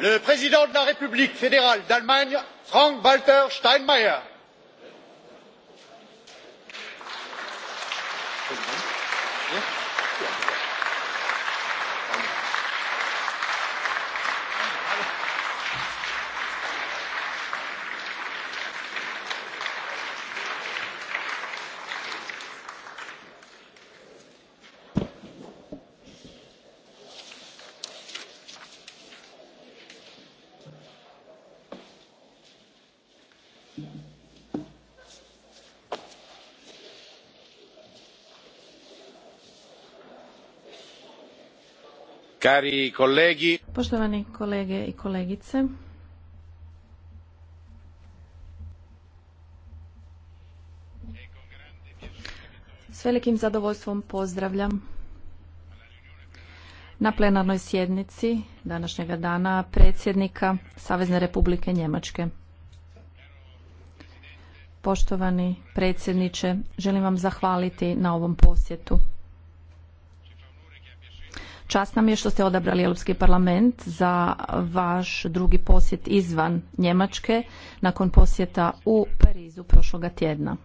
le président de la république fédérale d'allemagne frank walter steinmeier. Poštovani kolege i kolegice. S velikim zadovoljstvom pozdravljam na plenarnoj sjednici današnjega dana predsjednika Savezne republike Njemačke. Poštovani predsjedniče, želim vam zahvaliti na ovom posjetu. Čast nam je što ste odabrali Europski parlament za vaš drugi posjet izvan Njemačke nakon posjeta u Parizu prošloga tjedna.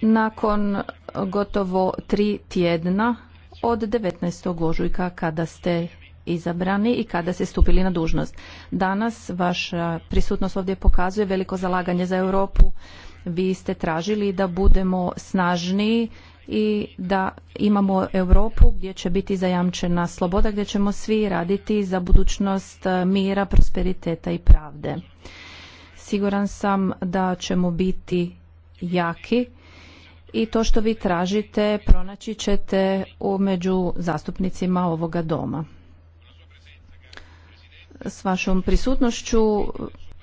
Nakon gotovo tri tjedna od 19. ožujka kada ste izabrani i kada ste stupili na dužnost. Danas vaša prisutnost ovdje pokazuje veliko zalaganje za Europu, vi ste tražili da budemo snažniji i da imamo Europu gdje će biti zajamčena sloboda, gdje ćemo svi raditi za budućnost e, mira, prosperiteta i pravde. Siguran sam da ćemo biti jaki i to što vi tražite pronaći ćete među zastupnicima ovoga doma. S vašom prisutnošću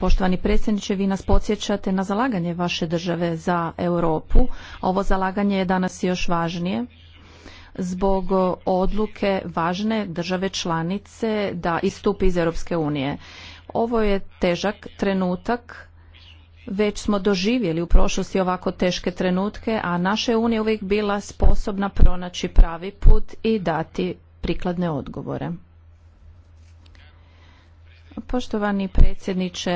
Poštovani predsjedniče, vi nas podsjećate na zalaganje vaše države za Europu. Ovo zalaganje je danas još važnije zbog odluke važne države članice da istupi iz Europske unije. Ovo je težak trenutak već smo doživjeli u prošlosti ovako teške trenutke, a naša Unija uvijek bila sposobna pronaći pravi put i dati prikladne odgovore. Poštovani predsjedniče,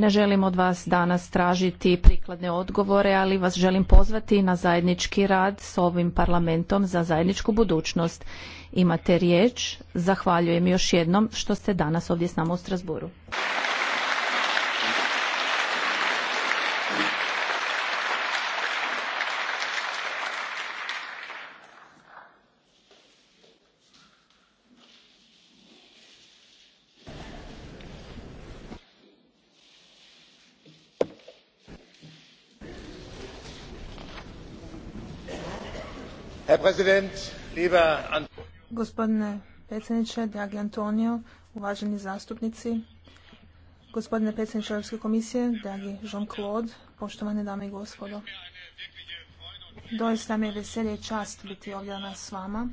ne želim od vas danas tražiti prikladne odgovore, ali vas želim pozvati na zajednički rad s ovim parlamentom za zajedničku budućnost. Imate riječ, zahvaljujem još jednom što ste danas ovdje s nama u Strasburu. Gospodine predsjedniče, dragi Antonio, uvaženi zastupnici, gospodine predsjedniče Europske komisije, dragi Jean-Claude, poštovane dame i gospodo. Doista mi je veselje i čast biti ovdje danas s vama